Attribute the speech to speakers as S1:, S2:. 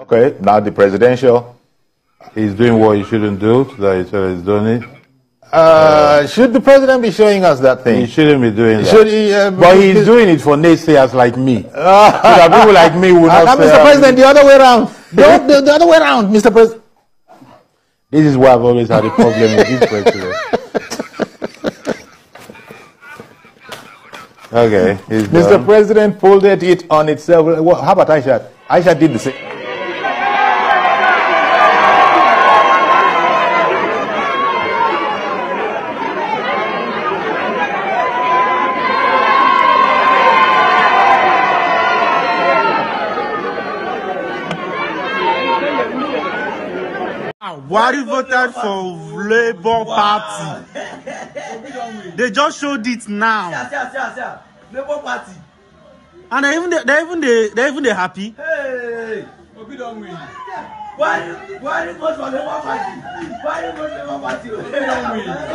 S1: Okay, now the presidential. He's doing what he shouldn't do that he said he's doing it.
S2: Uh, should the president be showing us that thing? He
S1: shouldn't be doing should that. He, uh, but he's doing it for naysayers like me. so
S3: that people like me would uh, not. Uh, Mr. President, the other way around. The, the, the other way around, Mr. President.
S1: This is why I've always had a problem with this president. okay. Mr.
S4: President folded it on itself. Well, how about Aisha? Aisha did the same.
S5: Wari voted for Labour Party. They just showed it now.
S6: Labour Party.
S5: And they even they, even they, they even they happy.
S6: Hey, Obi
S7: don win. Why why vote for Labour Party? Why vote for Labour Party? Obi don win.